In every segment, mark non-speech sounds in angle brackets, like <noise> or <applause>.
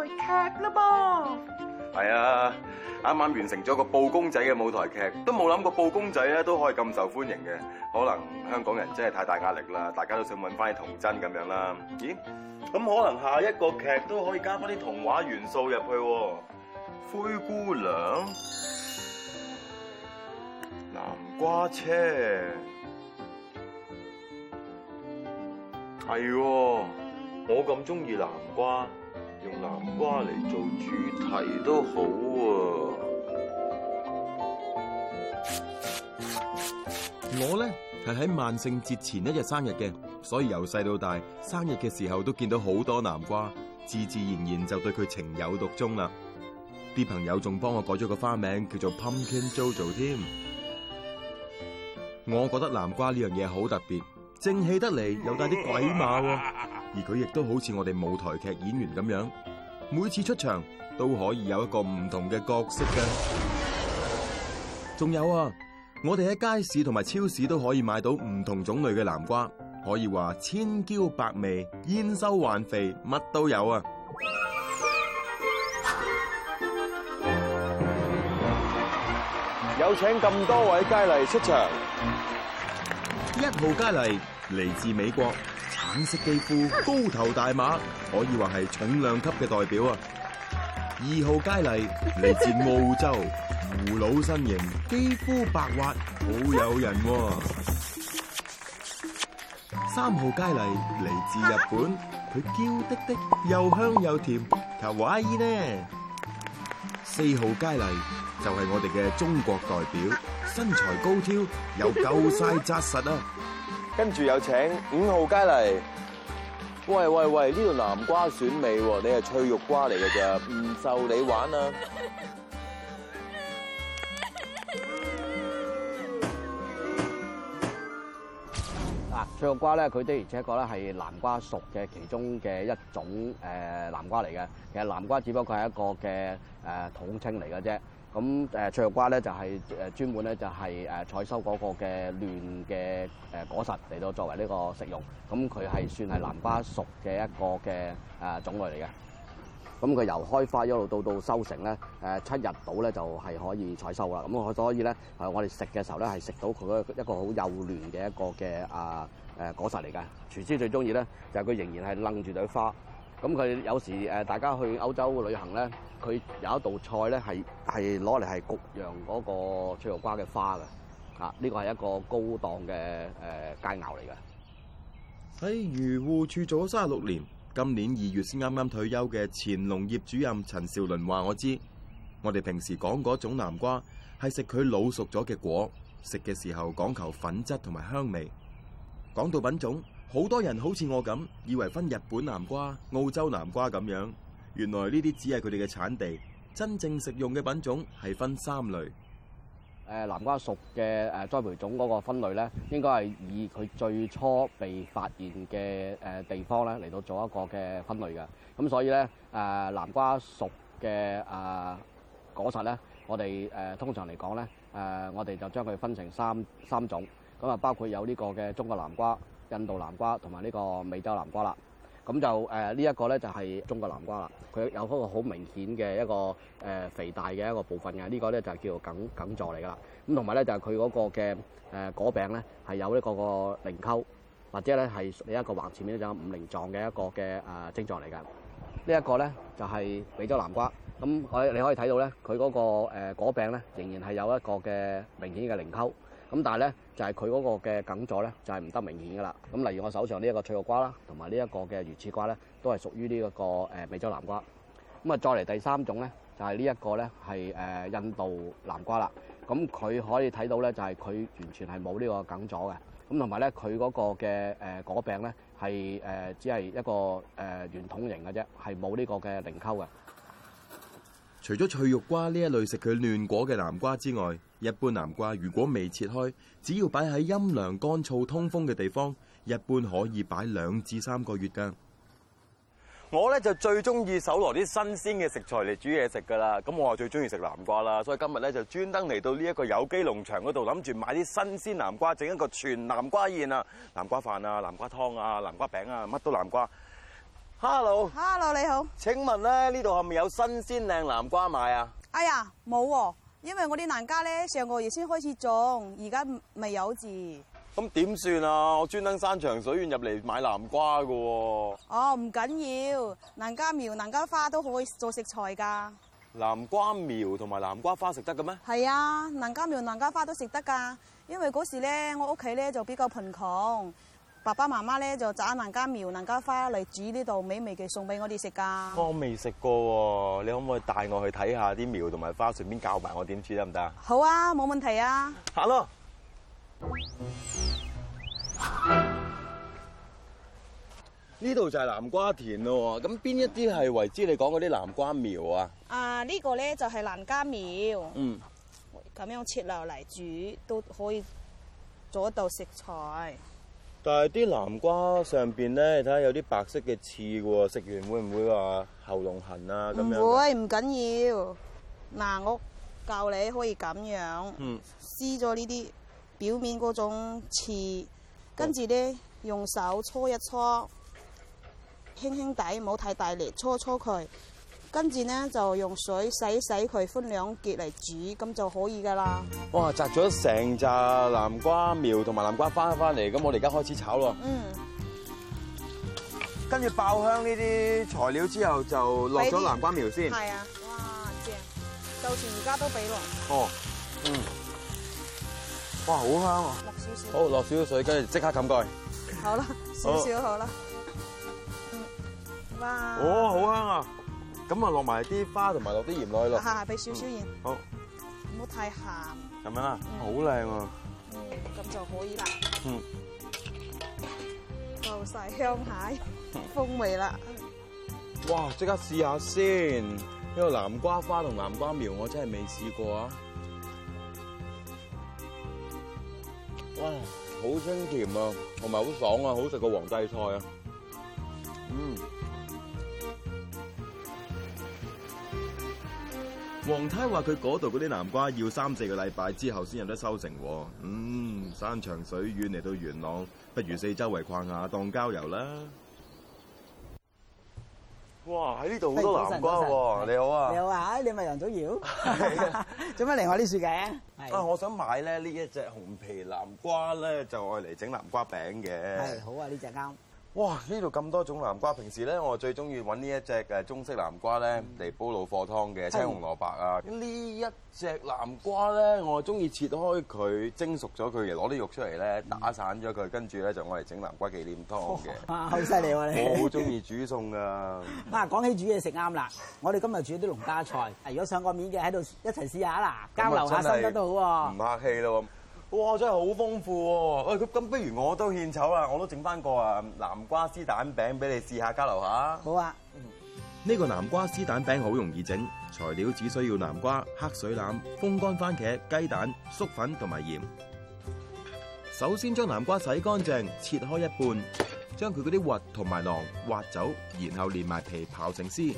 劇啦噃，係啊，啱啱完成咗個布公仔嘅舞台劇，都冇諗過布公仔咧都可以咁受歡迎嘅，可能香港人真係太大壓力啦，大家都想揾翻啲童真咁樣啦。咦，咁可能下一個劇都可以加翻啲童話元素入去，灰姑娘、南瓜車，係啊，我咁中意南瓜。用南瓜嚟做主題都好啊！我咧係喺萬聖節前一日生日嘅，所以由細到大，生日嘅時候都見到好多南瓜，自自然然就對佢情有獨鍾啦。啲朋友仲幫我改咗個花名叫做 Pumpkin Jojo 添。我覺得南瓜呢樣嘢好特別，正氣得嚟，又帶啲鬼馬啊。而佢亦都好似我哋舞台劇演員咁樣，每次出場都可以有一個唔同嘅角色嘅。仲有啊，我哋喺街市同埋超市都可以買到唔同種類嘅南瓜，可以話千嬌百媚、燕瘦環肥，乜都有啊！有請咁多位佳麗出場，一號佳麗嚟自美國。橙色肌膚、高頭大馬，可以話係重量級嘅代表啊！二號佳麗嚟自澳洲，葫蘆身形、肌膚白滑，好誘人，啊。三號佳麗嚟自日本，佢嬌滴滴，又香又甜。同埋華姨咧，四號佳麗就係、是、我哋嘅中國代表，身材高挑又夠晒紮實啊！跟住有請五號佳麗，喂喂喂，呢度南瓜選美喎，你係脆肉瓜嚟嘅咋，唔受你玩啊！嗱，脆肉瓜咧，佢的而且確咧係南瓜屬嘅其中嘅一種誒、呃、南瓜嚟嘅，其實南瓜只不過佢係一個嘅誒統稱嚟嘅啫。呃咁誒翠玉瓜咧就係、是、誒專門咧就係誒採收嗰個嘅嫩嘅誒果實嚟到作為呢個食用，咁佢係算係南瓜屬嘅一個嘅誒種類嚟嘅。咁佢、嗯嗯、由開花一路到到收成咧，誒七日到咧就係可以採收啦。咁、嗯、我所以咧誒我哋食嘅時候咧係食到佢一個好幼嫩嘅一個嘅啊誒果實嚟嘅。廚師最中意咧就係佢仍然係擸住朵花。咁佢有時誒，大家去歐洲旅行咧，佢有一道菜咧係係攞嚟係焗羊嗰個翠玉瓜嘅花嘅，啊呢個係一個高檔嘅誒佳餚嚟嘅。喺、呃、漁護處做咗三十六年，今年二月先啱啱退休嘅前農業主任陳少麟話我知，我哋平時講嗰種南瓜係食佢老熟咗嘅果，食嘅時候講求粉質同埋香味，講到品種。好多人好似我咁，以為分日本南瓜、澳洲南瓜咁樣。原來呢啲只係佢哋嘅產地，真正食用嘅品種係分三類。誒，南瓜屬嘅誒栽培種嗰個分類咧，應該係以佢最初被發現嘅誒地方咧嚟到做一個嘅分類嘅。咁所以咧，誒南瓜屬嘅誒果實咧，我哋誒通常嚟講咧，誒我哋就將佢分成三三種咁啊，包括有呢個嘅中國南瓜。印度南瓜同埋呢個美洲南瓜啦，咁就誒呢一個咧就係中國南瓜啦，佢有個好明顯嘅一個誒、呃、肥大嘅一個部分嘅，呢、這個咧就係叫做梗梗座嚟噶啦，咁同埋咧就係佢嗰個嘅誒果柄咧係有呢個個棱溝，或者咧係屬於一個橫前面咧有五棱狀嘅一個嘅誒症狀嚟噶，這個、呢一個咧就係、是、美洲南瓜，咁可你可以睇到咧，佢嗰個誒果柄咧仍然係有一個嘅明顯嘅棱溝。咁但係咧，就係佢嗰個嘅梗座咧，就係唔得明顯噶啦。咁例如我手上呢一個脆肉瓜啦，同埋呢一個嘅魚翅瓜咧，都係屬於呢一個誒美洲南瓜。咁啊，再嚟第三種咧，就係、是、呢一個咧係誒印度南瓜啦。咁佢可以睇到咧，就係佢完全係冇呢個梗座嘅。咁同埋咧，佢嗰個嘅誒果柄咧，係、呃、誒只係一個誒圓筒形嘅啫，係冇呢個嘅棱溝嘅。除咗脆肉瓜呢一類食佢嫩果嘅南瓜之外，一般南瓜如果未切開，只要擺喺陰涼、乾燥、通風嘅地方，一般可以擺兩至三個月噶。我咧就最中意搜羅啲新鮮嘅食材嚟煮嘢食噶啦。咁我最中意食南瓜啦，所以今日咧就專登嚟到呢一個有機農場嗰度，諗住買啲新鮮南瓜，整一個全南瓜宴南瓜啊，南瓜飯啊，南瓜湯啊，南瓜餅啊，乜都南瓜。Hello，Hello，Hello, 你好，請問咧呢度係咪有新鮮靚南瓜賣啊？哎呀，冇喎啊。因為我啲南瓜咧上個月先開始種，而家未有字。咁點算啊？我專登山長水遠入嚟買南瓜噶喎。哦，唔緊要，南瓜苗、南瓜花都可以做食材噶。南瓜苗同埋南瓜花食得嘅咩？係啊，南瓜苗、南瓜花都食得噶。因為嗰時咧，我屋企咧就比較貧窮。爸爸媽媽咧就炸南瓜苗、南瓜花嚟煮呢度美味嘅餸俾我哋食噶。我未食過喎、啊，你可唔可以帶我去睇下啲苗同埋花，順便教埋我點煮得唔得啊？行行好啊，冇問題啊。行咯了，呢度、嗯、就係南瓜田咯。咁邊一啲係為之你講嗰啲南瓜苗啊？啊，這個、呢個咧就係南瓜苗。嗯，咁樣切落嚟煮都可以做一道食材。但係啲南瓜上邊咧，睇下有啲白色嘅刺喎，食完會唔會話喉嚨痕啊，咁樣？唔會，唔緊要。嗱，我教你可以咁樣，嗯、撕咗呢啲表面嗰種刺，跟住咧用手搓一搓，輕輕底，唔好太大力搓搓佢。跟住咧就用水洗洗佢，分兩截嚟煮，咁就可以噶啦。哇！摘咗成紮南瓜苗同埋南瓜花翻嚟，咁我哋而家開始炒咯。嗯。跟住爆香呢啲材料之後，就落咗南瓜苗先。係啊！哇，正！就算而家都俾咯。哦，嗯。哇，好香啊！落少少。好，落少少水，跟住即刻冚蓋。好啦，少少好啦。嗯，哇。哦，好香啊！咁啊，落埋啲花同埋落啲鹽落去咯。下下俾少少鹽，鹽好，唔好太鹹，咁樣、嗯、啊，好靚啊，嗯，咁就可以啦，嗯，爆晒香蟹， <laughs> 風味啦，哇，即刻試下先，呢個南瓜花同南瓜苗我真係未試過啊，哇，好清甜啊，同埋好爽啊，好食過皇帝菜啊，嗯。黃太話佢嗰度嗰啲南瓜要三四個禮拜之後先有得收成。啊，嗯，山長水遠嚟到元朗，不如四周圍逛下當郊遊啦。哇，喺呢度好多南瓜喎！你好，啊、你好啊，你好啊，你咪楊祖堯，做咩嚟我呢處嘅？啊，我想買咧呢一隻紅皮南瓜咧，就愛嚟整南瓜餅嘅。係好啊，呢隻啱。哇！呢度咁多種南瓜，平時咧我最中意揾呢一隻誒中式南瓜咧嚟煲老火湯嘅，青紅蘿蔔啊！呢、嗯、一隻南瓜咧，我中意切開佢蒸熟咗佢，攞啲肉出嚟咧打散咗佢，跟住咧就我嚟整南瓜忌廉湯嘅。哇！好犀利喎你，好中意煮餸㗎。啊，講、啊 <laughs> 啊、起煮嘢食啱啦！我哋今日煮啲農家菜，如果上個面嘅喺度一齊試一下啦，交流下心得都好喎。唔客氣咯。哇！真係好豐富喎、啊。喂、哎，咁咁，不如我都獻醜啦，我都整翻個啊南瓜絲蛋餅俾你試下，交流下好啊。呢個南瓜絲蛋餅嘗嘗、啊、好、啊嗯、蛋餅容易整，材料只需要南瓜、黑水欖、風乾番茄、雞蛋、粟粉同埋鹽。首先將南瓜洗乾淨，切開一半，將佢嗰啲核同埋囊挖走，然後連埋皮刨成絲。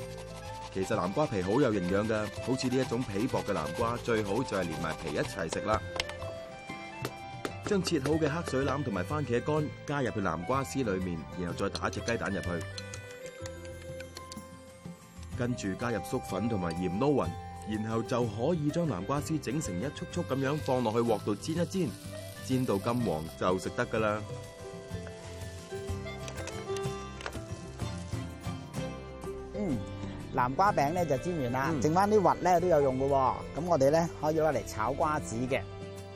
其實南瓜皮好有營養㗎，好似呢一種皮薄嘅南瓜，最好就係連埋皮一齊食啦。將切好嘅黑水腩同埋番茄乾加入去南瓜絲裏面，然後再打一隻雞蛋入去，跟住加入粟粉同埋鹽撈勻，然後就可以將南瓜絲整成一束束咁樣放落去鑊度煎一煎，煎到金黃就食得噶啦。嗯，南瓜餅咧就煎完啦，嗯、剩翻啲核咧都有用嘅，咁我哋咧可以攞嚟炒瓜子嘅。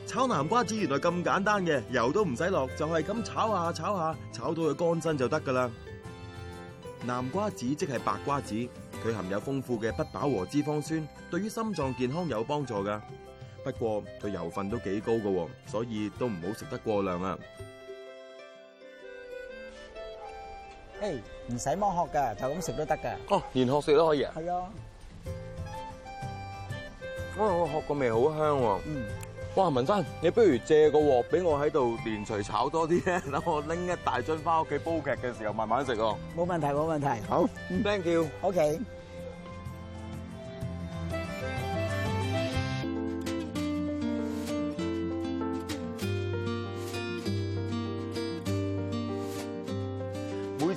炒南瓜子原來咁簡單嘅，油都唔使落，就係咁炒下炒下，炒到佢乾身就得噶啦。南瓜子即係白瓜子，佢含有豐富嘅不飽和脂肪酸，對於心臟健康有幫助噶。不過佢油份都幾高噶，所以都唔好食得過量啊。嘿，唔使剝殼噶，就咁食都得噶。哦，連殼食都可以啊。係啊。哇，我殼個味好香。嗯。哇，文山，你不如借個鑊俾我喺度連續炒多啲咧，等我拎一大樽翻屋企煲劇嘅時候慢慢食咯。冇問題，冇問題。好 <laughs> ，thank you。OK。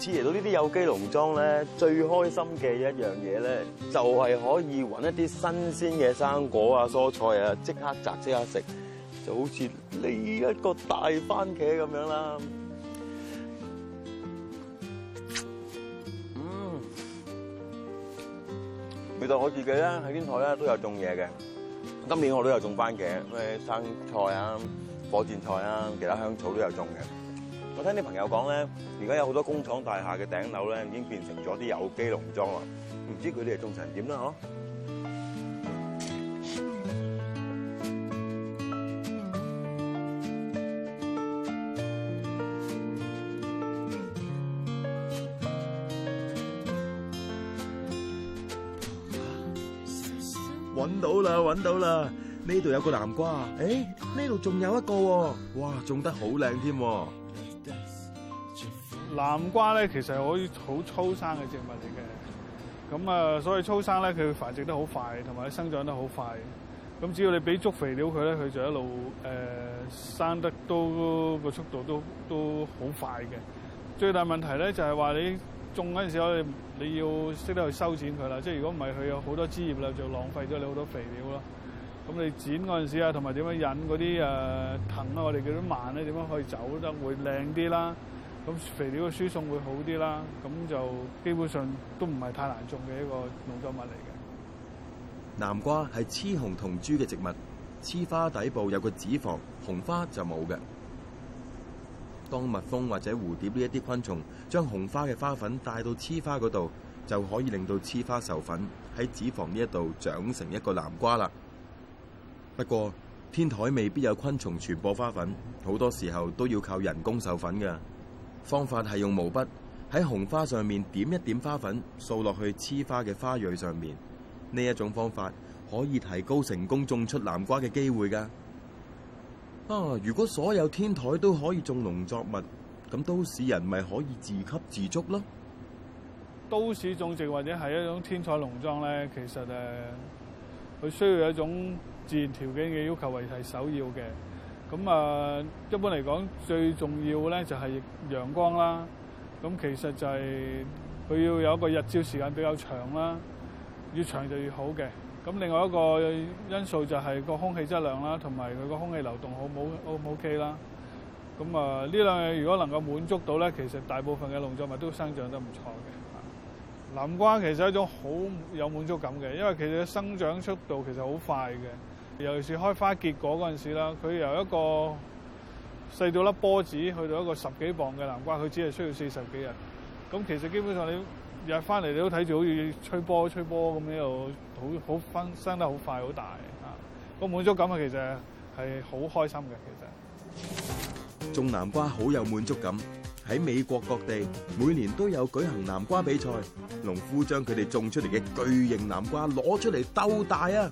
嚟到呢啲有機農莊咧，最開心嘅一樣嘢咧，就係可以搵一啲新鮮嘅生果啊、蔬菜啊，即刻摘即刻食，就好似呢一個大番茄咁樣啦。嗯，味道，我自己咧喺天台咧都有種嘢嘅，今年我都有種番茄、咩生菜啊、火箭菜啊、其他香草都有種嘅。我聽啲朋友講咧，而家有好多工廠大廈嘅頂樓咧，已經變成咗啲有機農莊喇！唔知佢哋係種成點啦，嗬？搵到啦！搵到啦！呢度有個南瓜，誒，呢度仲有一個，哇，種得好靚添。南瓜咧，其實係可以好粗生嘅植物嚟嘅，咁啊，所以粗生咧，佢繁殖得好快，同埋佢生長得好快。咁只要你俾足肥料佢咧，佢就一路誒、呃、生得都、這個速度都都好快嘅。最大問題咧就係、是、話你種嗰陣時，我你要識得去修剪佢啦。即係如果唔係，佢有好多枝葉咧，就浪費咗你好多肥料咯。咁你剪嗰陣時啊，同埋點樣引嗰啲誒藤咧，我哋叫啲蔓咧，點樣可以走得會靚啲啦？咁肥料嘅輸送會好啲啦，咁就基本上都唔係太難種嘅一個農作物嚟嘅。南瓜係雌雄同株嘅植物，雌花底部有個子房，雄花就冇嘅。當蜜蜂或者蝴蝶呢一啲昆蟲將雄花嘅花粉帶到雌花嗰度，就可以令到雌花授粉喺子房呢一度長成一個南瓜啦。不過天台未必有昆蟲傳播花粉，好多時候都要靠人工授粉嘅。方法係用毛筆喺紅花上面點一點花粉，掃落去黐花嘅花蕊上面。呢一種方法可以提高成功種出南瓜嘅機會㗎。啊！如果所有天台都可以種農作物，咁都市人咪可以自給自足咯？都市種植或者係一種天台農莊咧，其實誒，佢需要一種自然條件嘅要求為係首要嘅。咁啊，一般嚟講，最重要咧就係陽光啦。咁其實就係佢要有一個日照時間比較長啦，越長就越好嘅。咁另外一個因素就係個空氣質量啦，同埋佢個空氣流動好唔好，好唔 OK 啦。咁啊，呢兩樣如果能夠滿足到咧，其實大部分嘅農作物都生長得唔錯嘅。南瓜其實係一種好有滿足感嘅，因為其實生長速度其實好快嘅。尤其是開花結果嗰陣時啦，佢由一個細到粒波子，去到一個十幾磅嘅南瓜，佢只係需要四十幾日。咁其實基本上你日翻嚟，你都睇住好似吹波吹波咁樣，又好好分生得好快好大啊！個滿足感啊，其實係好開心嘅。其實種南瓜好有滿足感，喺美國各地每年都有舉行南瓜比賽，農夫將佢哋種出嚟嘅巨型南瓜攞出嚟鬥大啊！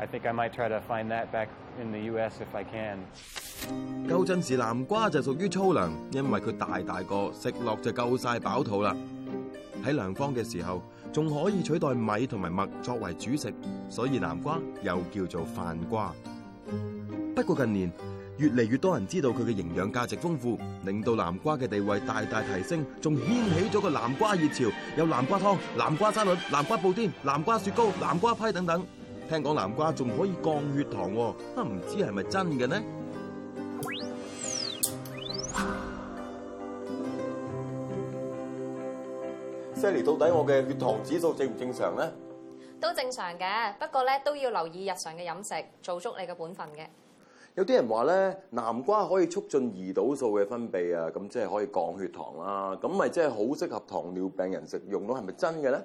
I think I might try to find that back in the US if I can。舊陣時，南瓜就屬於粗糧，因為佢大大個，食落就夠晒飽肚啦。喺糧荒嘅時候，仲可以取代米同埋麥作為主食，所以南瓜又叫做飯瓜。不過近年越嚟越多人知道佢嘅營養價值豐富，令到南瓜嘅地位大大提升，仲掀起咗個南瓜熱潮，有南瓜湯、南瓜沙律、南瓜布甸、南瓜雪糕、南瓜批等等。聽講南瓜仲可以降血糖，啊唔知係咪真嘅呢？Sally，到底我嘅血糖指數正唔正常呢？都正常嘅，不過咧都要留意日常嘅飲食，做足你嘅本分嘅。有啲人話咧，南瓜可以促進胰島素嘅分泌啊，咁即係可以降血糖啦，咁咪即係好適合糖尿病人食用咯，係咪真嘅咧？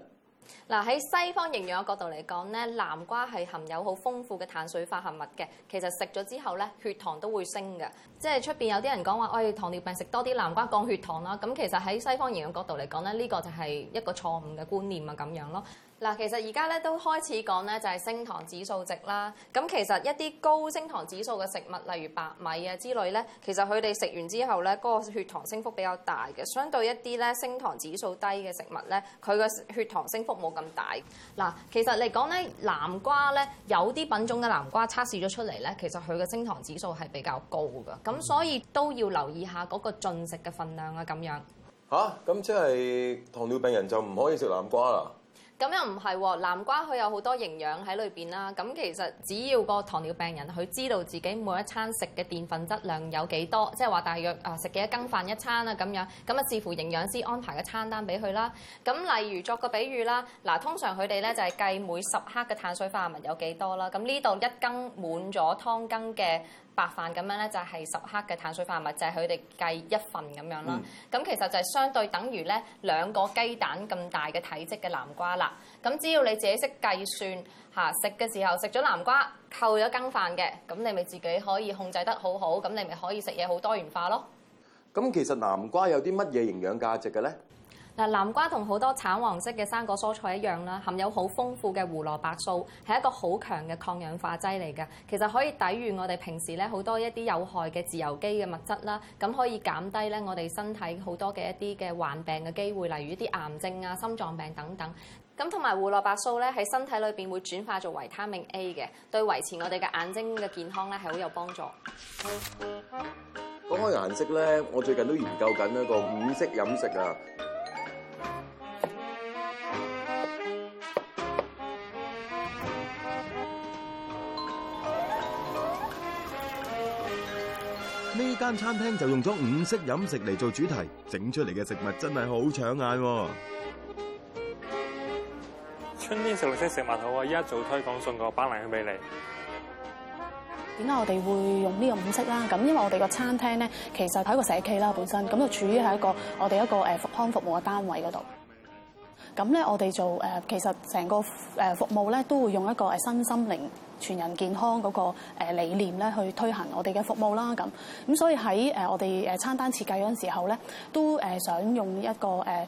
嗱，喺西方營養嘅角度嚟講咧，南瓜係含有好豐富嘅碳水化合物嘅。其實食咗之後咧，血糖都會升嘅。即係出邊有啲人講話，喂、哎、糖尿病食多啲南瓜降血糖啦。咁其實喺西方營養角度嚟講咧，呢、這個就係一個錯誤嘅觀念啊，咁樣咯。嗱，其實而家咧都開始講咧，就係升糖指數值啦。咁其實一啲高升糖指數嘅食物，例如白米啊之類咧，其實佢哋食完之後咧，嗰個血糖升幅比較大嘅。相對一啲咧升糖指數低嘅食物咧，佢個血糖升幅冇咁大。嗱，其實嚟講咧，南瓜咧有啲品種嘅南瓜測試咗出嚟咧，其實佢嘅升糖指數係比較高㗎。咁所以都要留意下嗰個進食嘅份量啊，咁樣。吓？咁即係糖尿病人就唔可以食南瓜啦？咁又唔係喎，南瓜佢有好多營養喺裏邊啦。咁其實只要個糖尿病人佢知道自己每一餐食嘅澱粉質量有幾多，即係話大約啊、呃、食幾多羹飯一餐啊咁樣，咁啊視乎營養師安排嘅餐單俾佢啦。咁例如作個比喻啦，嗱通常佢哋咧就係、是、計每十克嘅碳水化物有幾多啦。咁呢度一羹滿咗湯羹嘅。白飯咁樣咧，就係十克嘅碳水化合物，就係佢哋計一份咁樣啦。咁、嗯、其實就係相對等於咧兩個雞蛋咁大嘅體積嘅南瓜啦。咁只要你自己識計算，吓，食嘅時候食咗南瓜扣咗羹飯嘅，咁你咪自己可以控制得好好，咁你咪可以食嘢好多元化咯。咁其實南瓜有啲乜嘢營養價值嘅咧？嗱，南瓜同好多橙黃色嘅生果蔬菜一樣啦，含有好豐富嘅胡蘿蔔素，係一個好強嘅抗氧化劑嚟嘅。其實可以抵禦我哋平時咧好多一啲有害嘅自由基嘅物質啦，咁可以減低咧我哋身體好多嘅一啲嘅患病嘅機會，例如啲癌症啊、心臟病等等。咁同埋胡蘿蔔素咧喺身體裏邊會轉化做維他命 A 嘅，對維持我哋嘅眼睛嘅健康咧係好有幫助。講開顏色咧，我最近都研究緊一個五色飲食啊。呢間餐廳就用咗五色飲食嚟做主題，整出嚟嘅食物真係好搶眼啊。春天食綠色食物好啊，依一早推廣送個板栗去俾你。點解我哋會用個呢個五色啦？咁因為我哋個餐廳咧，其實係一個社企啦，本身咁就處於喺一個我哋一個誒，復康服務嘅單位嗰度。咁咧，我哋做誒、呃，其實成個誒服務咧，都會用一個誒身心靈、全人健康嗰、那個誒、呃、理念咧，去推行我哋嘅服務啦。咁，咁所以喺誒、呃、我哋誒餐單設計嗰陣時候咧，都誒、呃、想用一個誒。呃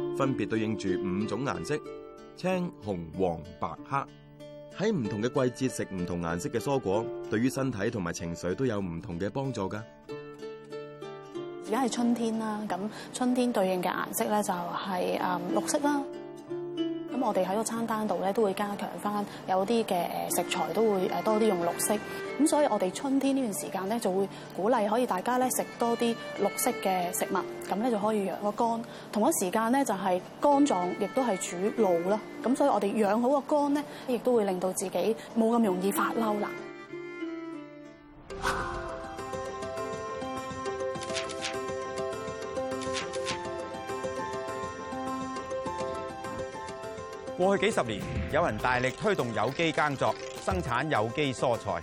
分別對應住五種顏色：青、紅、黃、白、黑。喺唔同嘅季節食唔同顏色嘅蔬果，對於身體同埋情緒都有唔同嘅幫助噶。而家係春天啦，咁春天對應嘅顏色咧就係誒綠色啦。我哋喺個餐單度咧都會加強翻，有啲嘅誒食材都會誒多啲用綠色。咁所以我哋春天呢段時間咧就會鼓勵可以大家咧食多啲綠色嘅食物，咁咧就可以養個肝。同一時間咧就係肝臟亦都係主怒啦。咁所以我哋養好個肝咧，亦都會令到自己冇咁容易發嬲啦。過去幾十年，有人大力推動有機耕作，生產有機蔬菜。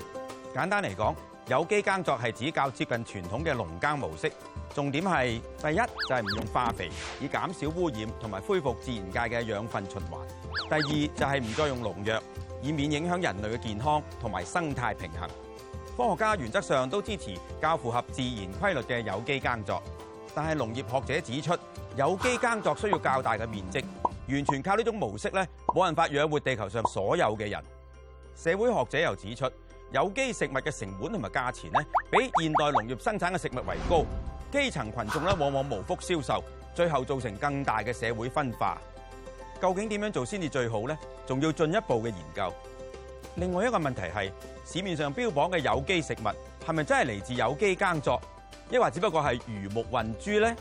簡單嚟講，有機耕作係指較接近傳統嘅農耕模式，重點係第一就係唔用化肥，以減少污染，同埋恢復自然界嘅養分循環；第二就係唔再用農藥，以免影響人類嘅健康同埋生態平衡。科學家原則上都支持較符合自然規律嘅有機耕作，但係農業學者指出，有機耕作需要較大嘅面積。完全靠呢種模式咧，冇辦法養活地球上所有嘅人。社會學者又指出，有機食物嘅成本同埋價錢呢，比現代農業生產嘅食物為高。基層群眾咧，往往無福消受，最後造成更大嘅社會分化。究竟點樣做先至最好呢？仲要進一步嘅研究。另外一個問題係，市面上標榜嘅有機食物係咪真係嚟自有機耕作，抑或只不過係魚目混珠呢？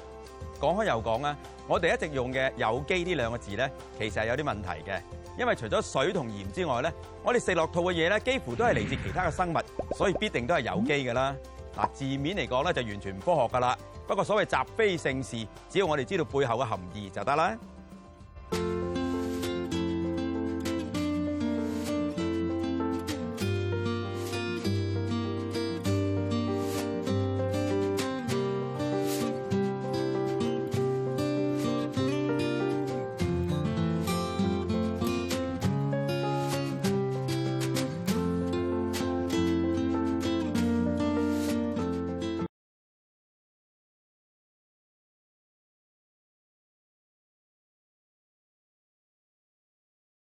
講開又講啊，我哋一直用嘅有機呢兩個字呢，其實係有啲問題嘅，因為除咗水同鹽之外呢，我哋食落肚嘅嘢呢，幾乎都係嚟自其他嘅生物，所以必定都係有機噶啦。嗱，字面嚟講呢，就完全唔科學噶啦。不過所謂集非成是，只要我哋知道背後嘅含義就得啦。